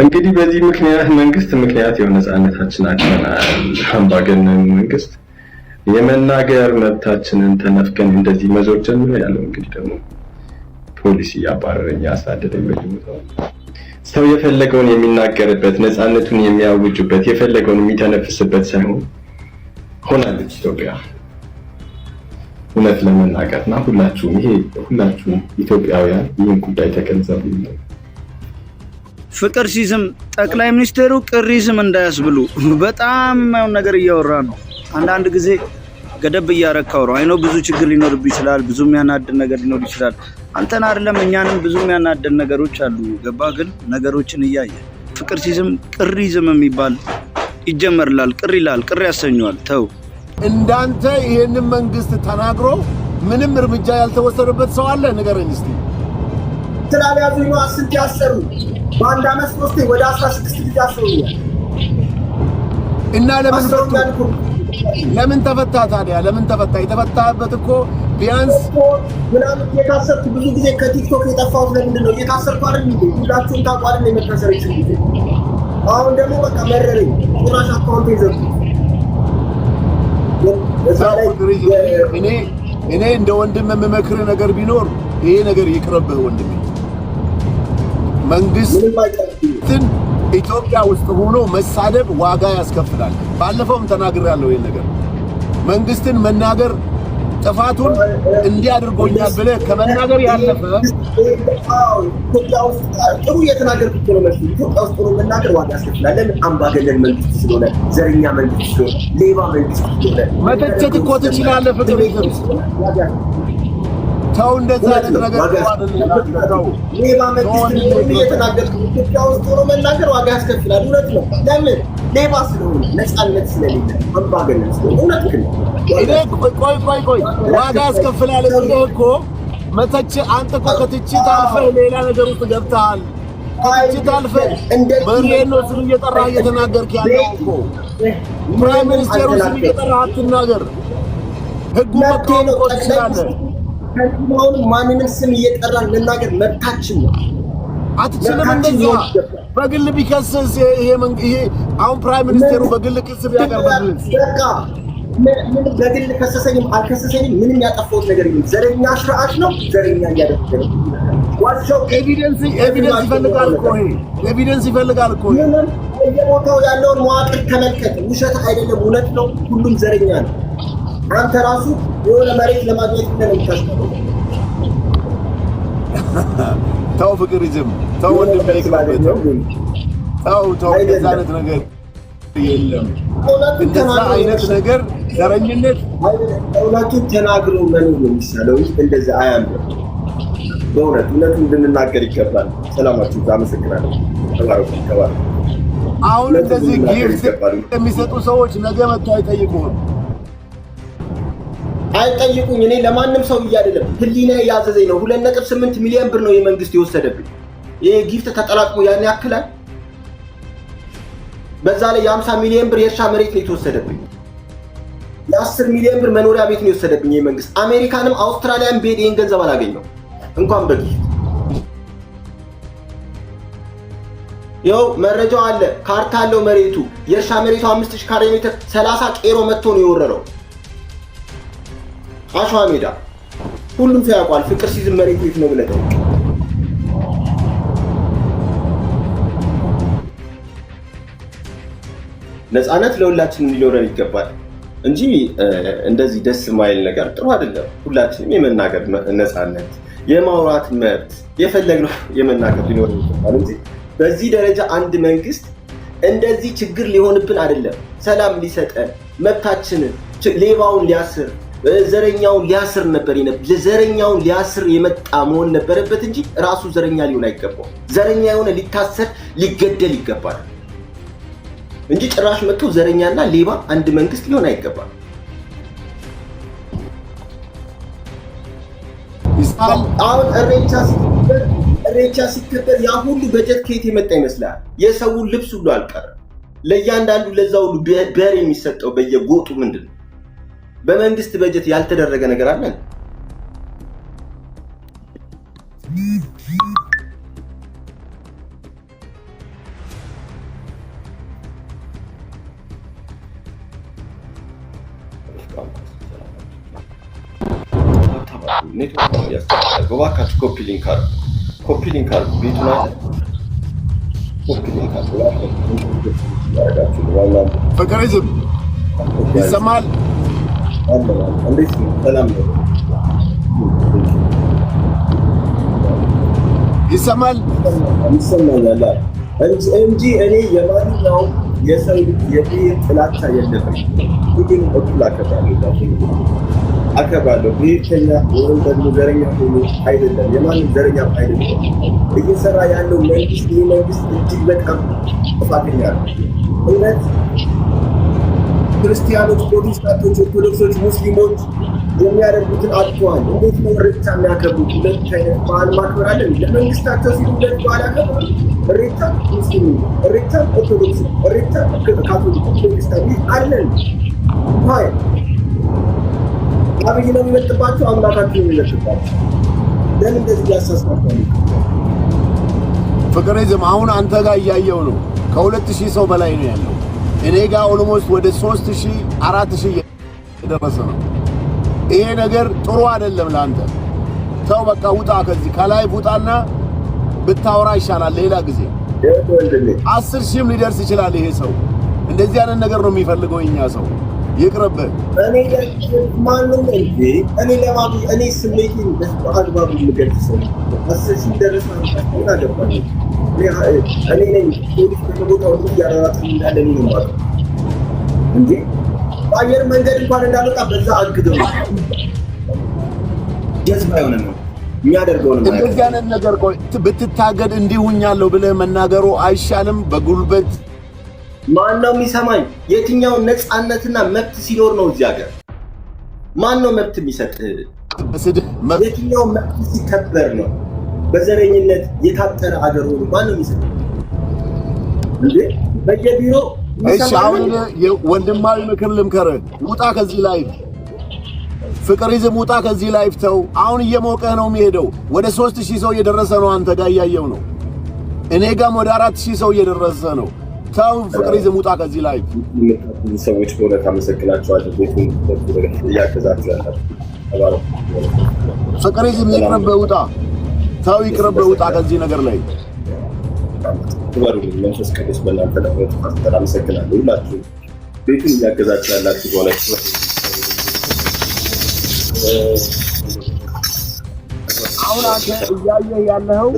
እንግዲህ በዚህ ምክንያት መንግስት ምክንያት የሆነ ነፃነታችን አቅተናል። አምባገነን መንግስት የመናገር መብታችንን ተነፍገን እንደዚህ መዞር ጀምሮ ያለው እንግዲህ ደግሞ ፖሊሲ እያባረረኝ ያሳደደኝ በጅሙታው ሰው የፈለገውን የሚናገርበት ነፃነቱን የሚያውጁበት የፈለገውን የሚተነፍስበት ሳይሆን ሆናለች ኢትዮጵያ እውነት ለመናገር እና ሁላችሁም ይሄ ሁላችሁም ኢትዮጵያውያን ይህን ጉዳይ ተገንዘቡ ነው። ፍቅር ሲዝም ጠቅላይ ሚኒስትሩ ቅሪዝም እንዳያስብሉ በጣም የማይሆን ነገር እያወራ ነው። አንዳንድ ጊዜ ገደብ እያረካው ነው። አይኖ ብዙ ችግር ሊኖርብ ይችላል። ብዙ የሚያናድን ነገር ሊኖር ይችላል። አንተን አይደለም እኛንም ብዙ የሚያናድን ነገሮች አሉ። ገባ ግን ነገሮችን እያየ ፍቅር ሲዝም ቅሪዝም የሚባል ይጀመርላል። ቅር ይላል፣ ቅር ያሰኘዋል። ተው እንዳንተ ይህንን መንግስት ተናግሮ ምንም እርምጃ ያልተወሰደበት ሰው አለ? ንገረኝ እስኪ። ስላልያዙ ነው አስንት ያሰሩ። በአንድ አመት ሶስቴ ወደ አስራ ስድስት ጊዜ አሰሩኛል። እና ለምን ለምን ተፈታ ታዲያ? ለምን ተፈታ? የተፈታበት እኮ ቢያንስ ምናምን የታሰርኩ ብዙ ጊዜ ከቲክቶክ የጠፋሁት ለምንድን ነው? እየታሰርኩ አይደል? ሁላችሁም ታቋል የመታሰረችን ጊዜ አሁን ደግሞ በቃ መረረኝ። ቁራሽ አካውንት ይዘጉ። እኔ እኔ እንደ ወንድም የምመክር ነገር ቢኖር ይሄ ነገር ይቅረብህ ወንድሜ። መንግስትን ኢትዮጵያ ውስጥ ሆኖ መሳደብ ዋጋ ያስከፍላል። ባለፈውም ተናግሬያለሁ ይህን ነገር መንግስትን መናገር ጥፋቱን እንዲያድርጎኛል ብለህ ከመናገር ያለፈ ኢትዮጵያ ውስጥ ጥሩ እየተናገር ብቻ ነው መስ ኢትዮጵያ ውስጥ ጥሩ መናገር ዋጋ ያስከፍላል። ለምን አምባገነን መንግስት ስለሆነ፣ ዘረኛ መንግስት ስለሆነ፣ ሌባ መንግስት ስለሆነ መተቸት እኮ ትችላለህ። ፍቅር ይዘ ሰው እንደዚህ አይነት ነገር ኢትዮጵያ ውስጥ ሆኖ መናገር ዋጋ ያስከፍላል። እውነት ነው። ለምን ሌባ ስለሆነ ነፃነት ስለሌለ አምባገነን ስለሆነ እውነት ቆይ ቆይ ቆይ ዋጋ ያስከፍላል እኮ መተች አንተ እኮ ከትችት አልፈህ ሌላ ነገር ውስጥ ገብተሃል። ከትችት አልፈህ በሬኖ ስም እየጠራህ እየተናገርክ ያለው እኮ ፕራይም ሚኒስቴሩ ስም እየጠራህ አትናገር። ህጉ መጥቶ ቆ ትችላለህ ከሁን ማንንም ስም እየጠራ መናገር መብታችን ነው። አትችልም። እንደዚያ በግል ቢከስስ ይሄ አሁን ፕራይም ሚኒስቴሩ በግል ክስ ቢያቀርብ በግል ከሰሰኝም አልከሰሰኝም ምንም ያጠፋሁት ነገር የለም። ዘረኛ ስርዓት ነው። ዘረኛ እያደረገ ኤቪደንስ ይፈልጋል እኮ ያለውን መዋቅር ተመልከት። ውሸት አይደለም፣ እውነት ነው። ሁሉም ዘረኛ ነው። አንተ ራሱ የሆነ መሬት ለማግኘት ምን ተው ፍቅር ይዝም፣ ተው ወንድም ይክራለ፣ ተው ተው፣ እንደዛ አይነት ነገር የለም። እንደዛ አይነት ነገር ዘረኝነት፣ እውነቱን ተናግሮ መኖር ነው የሚሻለው። እንደዛ አያምር። በእውነት እውነቱን እንድንናገር ይገባል። ሰላማችሁ አመሰግናለሁ። ተባረኩ ተባረኩ። አሁን እንደዚህ ጊፍት የሚሰጡ ሰዎች ነገ መጥቶ አይጠይቁም። አይጠይቁኝ። እኔ ለማንም ሰው እያደለም ህሊና ያዘዘኝ ነው። ሁለት ነጥብ ስምንት ሚሊዮን ብር ነው የመንግስት የወሰደብኝ። ይሄ ጊፍት ተጠራቅሞ ያን ያክላል። በዛ ላይ የአምሳ ሚሊዮን ብር የእርሻ መሬት ነው የተወሰደብኝ። የአስር ሚሊዮን ብር መኖሪያ ቤት ነው የወሰደብኝ ይህ መንግስት። አሜሪካንም አውስትራሊያን ቤድ ይህን ገንዘብ አላገኘው እንኳን በጊፍት ይኸው መረጃው አለ፣ ካርታ አለው። መሬቱ የእርሻ መሬቱ አምስት ሺህ ካሬ ሜትር ሰላሳ ቄሮ መጥቶ ነው የወረረው። አሸዋ ሜዳ ሁሉም ሰው ያውቋል። ፍቅር ሲዝም መሬት ቤት ነው ብለህ ነፃነት ለሁላችንም ሊኖረን ይገባል እንጂ እንደዚህ ደስ የማይል ነገር ጥሩ አይደለም። ሁላችንም የመናገር ነፃነት፣ የማውራት መብት፣ የፈለግነው የመናገር ሊኖረን ይገባል እንጂ በዚህ ደረጃ አንድ መንግስት እንደዚህ ችግር ሊሆንብን አይደለም። ሰላም ሊሰጠን መብታችንን ሌባውን ሊያስር ዘረኛውን ሊያስር ነበር ለዘረኛውን ሊያስር የመጣ መሆን ነበረበት እንጂ ራሱ ዘረኛ ሊሆን አይገባው። ዘረኛ የሆነ ሊታሰር ሊገደል ይገባል እንጂ ጭራሽ መጥቶ ዘረኛና ሌባ አንድ መንግስት ሊሆን አይገባል። አሁን እሬቻ ሲከበር እሬቻ ሲከበር ያ ሁሉ በጀት ከየት የመጣ ይመስላል? የሰውን ልብስ ሁሉ አልቀረ ለእያንዳንዱ ለዛ ሁሉ በር የሚሰጠው በየጎጡ ምንድን ነው? በመንግስት በጀት ያልተደረገ ነገር አለን? ኔትወርክ ያስፈልጋል። በባካችሁ ኮፒ ሊንክ አድርጉ፣ ኮፒ ሊንክ አድርጉ። ቤቱ ላይ ኮፒ ሊንክ አድርጉ። ፍቅር ይዝም ይሰማል እንዴት ነው? ይሰማል ይሰማኛል እንጂ እኔ የማንኛው የሰው የብሔር ጥላቻ የለብኝ። ሁሉም እኩል አከብራለሁ አከብራለሁ። ብሔርተኛ ወይም ደግሞ ዘረኛ ሆኖ አይደለም፣ የማንም ዘረኛ አይደለም። እየሰራ ያለው መንግስት ይህ መንግስት እጅግ በጣም ጥፋተኛ ነው እውነት ክርስቲያኖች፣ ፕሮቴስታንቶች፣ ኦርቶዶክሶች፣ ሙስሊሞች የሚያደርጉትን አጥተዋል። እንዴት ነው እሬቻ የሚያከብሩት? ሁለት አይነት በዓል ማክበር አለን። ለመንግስታቸው ሲሉ ሁለት በዓል ያከብሩ። እሬቻ ሙስሊሙ፣ እሬቻ ኦርቶዶክስ፣ እሬቻ ካቶሊክ፣ ፕሮቴስታንት አለን። ይ አብይ ነው የሚመጥባቸው፣ አምላካቸው የሚመጥባቸው። ለምን እንደዚህ ያሳስባቸዋል? ፍቅሬዝም አሁን አንተ ጋር እያየው ነው። ከሁለት ሺህ ሰው በላይ ነው ያለው እኔ ጋር ኦልሞስት ወደ 3000 4000 እየደረሰ ነው። ይሄ ነገር ጥሩ አይደለም ለአንተ። ተው በቃ ውጣ፣ ከዚህ ከላይ ውጣና ብታወራ ይሻላል። ሌላ ጊዜ አስር ሺህም ሊደርስ ይችላል። ይሄ ሰው እንደዚህ አይነት ነገር ነው የሚፈልገው እኛ ሰው ይቅርብ። እኔ ማንም እንጂ እኔ ለማን እኔ ስሜቴን በአግባቡ የምገልጽ ሰው አስር ሺህ ደረሰ አገባለሁ እኔ ነኝ ፖሊስ በቦታው እያራራት እንዳለ ነው ማለት እንጂ አየር መንገድ እንኳን እንዳልወጣ በዛ አግደው ጀዝባ የሆነ ነው እንደዚህ አይነት ነገር ቆይ ብትታገድ እንዲሁኛለሁ ብለህ መናገሩ አይሻልም? በጉልበት ማን ነው የሚሰማኝ? የትኛው ነፃነትና መብት ሲኖር ነው እዚህ ሀገር ማን ነው መብት የሚሰጥ? የትኛው መብት ሲከበር ነው በዘረኝነት የታጠረ አገር ሆኖ ማን ነው የሚሰጠው እንዴ? በየቢሮ እሺ፣ አሁን ወንድማዊ ምክር ልምከርህ። ውጣ ከዚህ ላይ ፍቅር ይዝም፣ ውጣ ከዚህ ላይፍ ተው። አሁን እየሞቀህ ነው የሚሄደው። ወደ ሦስት ሺህ ሰው እየደረሰ ነው። አንተ ጋር እያየው ነው። እኔ ጋም ወደ አራት ሺህ ሰው እየደረሰ ነው። ተው ፍቅር ይዝም፣ ውጣ ከዚህ ላይፍ። ሰዎች በእውነት አመሰግናቸዋለሁ። ቤቱን እያገዛቸው ያለ ፍቅር ይዝም፣ ይቅርብህ፣ ውጣ ተው ይቅርብ፣ ውጣ ከዚህ ነገር ላይ ክበሩልኝ። መንፈስ ቅዱስ በእናንተ ደግሞ ተፈጠር። አመሰግናለሁ። ሁላችሁ ቤቱን እያገዛችሁ ያላችሁ በሆነ አሁን አንተ እያየህ ያለኸው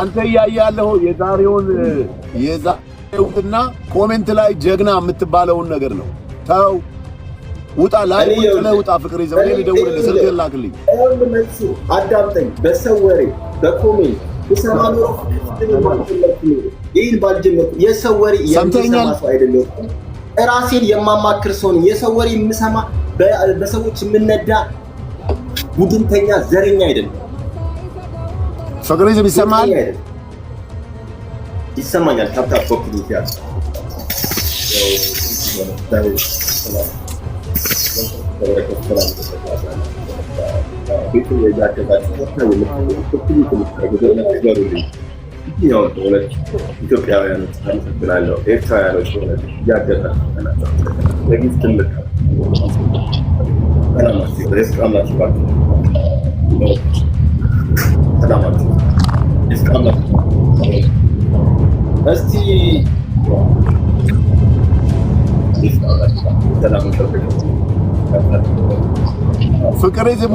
አንተ እያየህ ያለኸው የዛሬውን የዛሬውና ኮሜንት ላይ ጀግና የምትባለውን ነገር ነው። ተው ውጣ ላይ ላይ ውጣ ፍቅር ይዘው እኔ ልደውልልህ፣ ስልክህን ላክልኝ። አዳምጠኝ። በሰው ወሬ በኮሜንት ይህን ባልጀመርኩ የሰው ወሬ የምሰማ ሰው አይደለሁም። የማማክር ሰው ነኝ። የሰው ወሬ የምሰማ በሰዎች የምነዳ ቡድንተኛ፣ ዘረኛ አይደለም። ፍቅር ይዘው ይሰማል፣ ይሰማኛል። ኢትዮጵያውያኖች አመሰግናለሁ። ኤርትራውያኖች እያገዛችሁ ለጊዜ ትልቅ ሰላማችሁ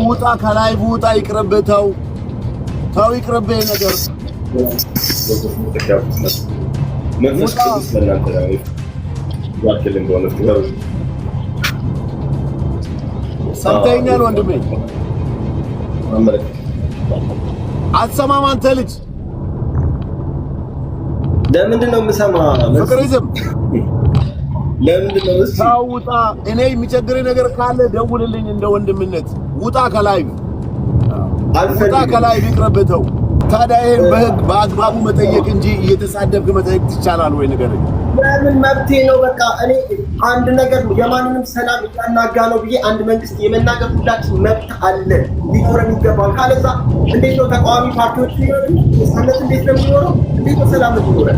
ውጣ፣ ከላይ ውጣ፣ ይቅርብ፣ ተው ተው፣ ይቅርብ ነገር ሰምተኛል ወንድሜ። አትሰማም አንተ ልጅ። ለምንድን ነው የምሰማ? ፍቅሪዝም ለምንድን ነው እኔ የሚቸግረኝ ነገር ካለ ደውልልኝ እንደ ወንድምነት ውጣ ከላይ ውጣ ከላይ ይቅረብተው። ታዲያ ይህን በህግ በአግባቡ መጠየቅ እንጂ እየተሳደብክ መጠየቅ ትቻላል ወይ? ንገረኝ። ለምን መብቴ ነው። በቃ እኔ አንድ ነገር የማንንም ሰላም እያናጋ ነው ብዬ አንድ መንግስት የመናገር ሁላችን መብት አለ፣ ሊኖረን ይገባል። ካለዛ እንዴት ነው ተቃዋሚ ፓርቲዎች ሊኖረ ሰነት እንዴት ነው የሚኖረው? እንዴት ነው ሰላም ሊኖረ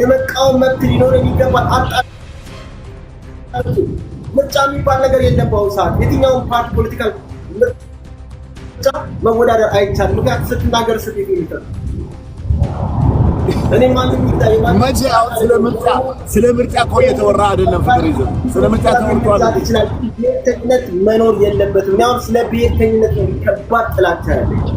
የመቃወም መብት ሊኖረን ይገባል። አጣ ምርጫ የሚባል ነገር የለም። በአሁኑ ሰዓት የትኛውን ፓርቲ ፖለቲካል ምርጫ መወዳደር አይቻልም። ምክንያቱ ስንት ሀገር ስት የሚጠር እኔ ማንም መቼ አሁን ስለ ምርጫ ስለ እኮ እየተወራ አይደለም። ፍቅር ይዘ ስለ ምርጫ ተወርቷል ይችላል። ብሔርተኝነት መኖር የለበትም። አሁን ስለ ብሔርተኝነት ነው ከባድ ጥላቻ ያለች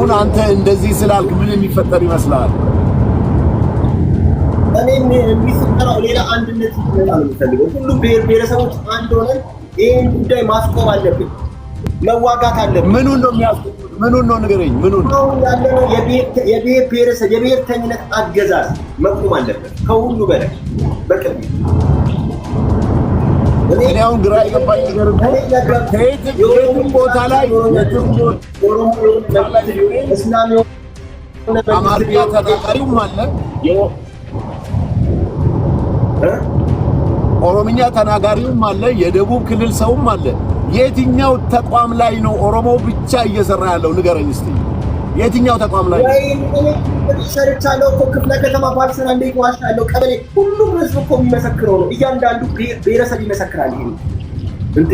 አሁን አንተ እንደዚህ ስላልክ ምን የሚፈጠር ይመስላል? እኔ የሚፈጠረው ሌላ አንድነት ይመጣል የምፈልገው። ሁሉም ብሔር ብሔረሰቦች አንድ ሆነን ይህን ጉዳይ ማስቆም አለብን፣ መዋጋት አለብን። ምኑን ነው የሚያስቆም? ምኑን ነው ንገረኝ። ምኑን አሁን ያለነው የብሔር ብሔረሰብ የብሔርተኝነት አገዛዝ መቆም አለበት ከሁሉ በላይ በቅድሚያ እኔ አሁን ግራ የገባኝ ነገር እኮ የትም ቦታ ላይ አማርኛ ተናጋሪውም አለ፣ ኦሮምኛ ተናጋሪውም አለ፣ የደቡብ ክልል ሰውም አለ። የትኛው ተቋም ላይ ነው ኦሮሞ ብቻ እየሰራ ያለው? ንገረኝ እስቲ። የትኛው ተቋም ላይ ሰርቻለሁ እኮ ክፍለ ከተማ ፓርሰና እንዴት ዋሻለሁ? ቀበሌ ሁሉም ህዝብ እኮ የሚመሰክረው ነው። እያንዳንዱ ብሔረሰብ ይመሰክራል። ይሄ እንዴ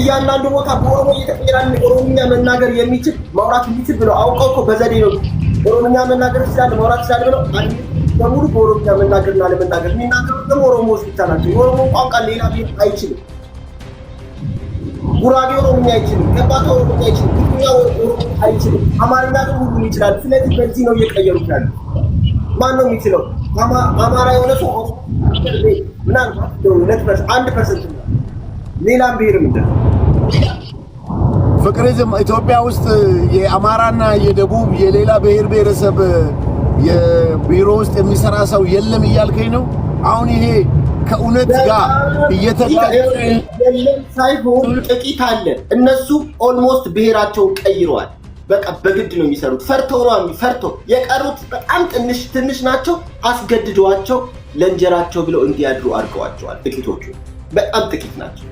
እያንዳንዱ ቦታ በኦሮሞ እየተቀየራን ኦሮምኛ መናገር የሚችል ማውራት የሚችል ብለው አውቀው እኮ በዘዴ ነው። ኦሮምኛ መናገር ይችላል ማውራት ይችላል ብለው በሙሉ በኦሮምኛ መናገርና ለመናገር የሚናገሩ ደግሞ ኦሮሞዎች ብቻ ናቸው። የኦሮሞ ቋንቋ ሌላ ብሔር አይችልም። ጉራጌ ኦሮምኛ አይችልም፣ ገባቶ ኦሮምኛ አይችልም፣ ትግርኛ ኦሮምኛ አይችልም፣ አማርኛ ግን ሁሉም ይችላል። ስለዚህ በዚህ ነው እየቀየሩት ያለ። ማን ነው የሚችለው? አማራ የሆነ ሰው ምናልባት ሁለት አንድ ፐርሰንት ሌላም ብሄር ምንድን ነው ፍቅሪዝም ኢትዮጵያ ውስጥ የአማራና የደቡብ የሌላ ብሔር ብሔረሰብ የቢሮ ውስጥ የሚሰራ ሰው የለም እያልከኝ ነው አሁን ይሄ ከእውነት ጋር እየተየለም ሳይሆን ጥቂት አለ። እነሱ ኦልሞስት ብሔራቸውን ቀይረዋል። በቃ በግድ ነው የሚሰሩት። ፈርቶ ነው ፈርቶ የቀሩት በጣም ትንሽ ትንሽ ናቸው። አስገድደዋቸው ለእንጀራቸው ብለው እንዲያድሩ አድርገዋቸዋል። ጥቂቶቹ በጣም ጥቂት ናቸው።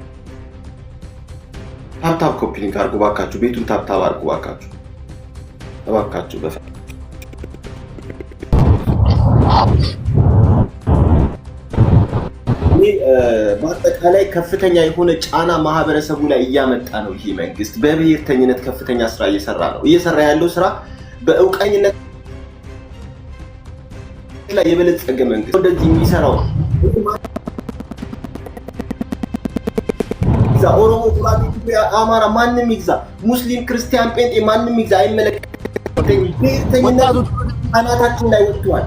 ታብታብ ኮፒሊንግ አድርጉ ባካችሁ፣ ቤቱን ታብታብ አድርጉ ባካችሁ፣ እባካችሁ በፈ በአጠቃላይ ከፍተኛ የሆነ ጫና ማህበረሰቡ ላይ እያመጣ ነው። ይህ መንግስት በብሔርተኝነት ከፍተኛ ስራ እየሰራ ነው። እየሰራ ያለው ስራ በእውቀኝነት ላይ የበለጸገ መንግስት ወደዚህ የሚሰራው ኦሮሞ፣ አማራ ማንም ይግዛ፣ ሙስሊም፣ ክርስቲያን፣ ጴንጤ ማንም ይግዛ አይመለከት ብሔርተኝነት አናታችን ላይ ወጥተዋል።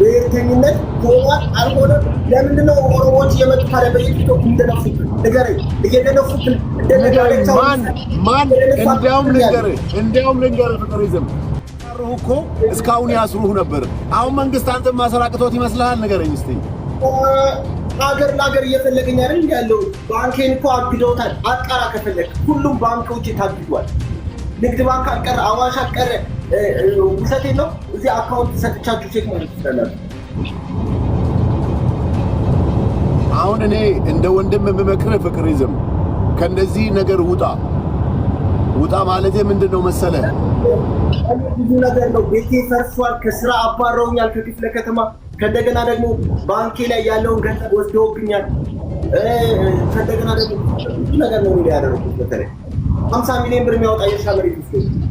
ብሔርተኝነት ከውቋት አልሆነም። ለምንድነው ኦሮሞዎች የመጡ ታዲያ በኢትዮጵያ እንደነፉት ንገረኝ። እየደነፉትን ማን ማን? እንዲያውም ልንገርህ እንዲያውም ልንገርህ ፍቅር ይዘም እኮ እስካሁን ያስሩህ ነበር። አሁን መንግስት አንተን ማሰራቅቶት ይመስልሃል? ንገረኝ ሀገር ለሀገር እየፈለገኝ አይደል ያለው ባንኬን እኮ አግደውታል። ከፈለግ ሁሉም ታግዷል። ንግድ ባንክ አቀረ፣ አዋሽ አቀረ። ውሰቴ ነው እዚህ አካውንት ሰጥቻችሁ ቼክ ማለት ትችላላችሁ። አሁን እኔ እንደ ወንድም የምመክር ፍቅር ይዝም ከእንደዚህ ነገር ውጣ ውጣ ማለት ምንድን ነው መሰለ፣ ብዙ ነገር ነው። ቤቴ ፈርሷል፣ ከስራ አባረውኛል፣ ከክፍለ ከተማ ከእንደገና ደግሞ ባንኬ ላይ ያለውን ገንዘብ ወስደውብኛል። ከእንደገና ደግሞ ብዙ ነገር ነው ያደረጉት። በተለይ ሀምሳ ሚሊዮን ብር የሚያወጣ የእርሻ መሬት ውስጥ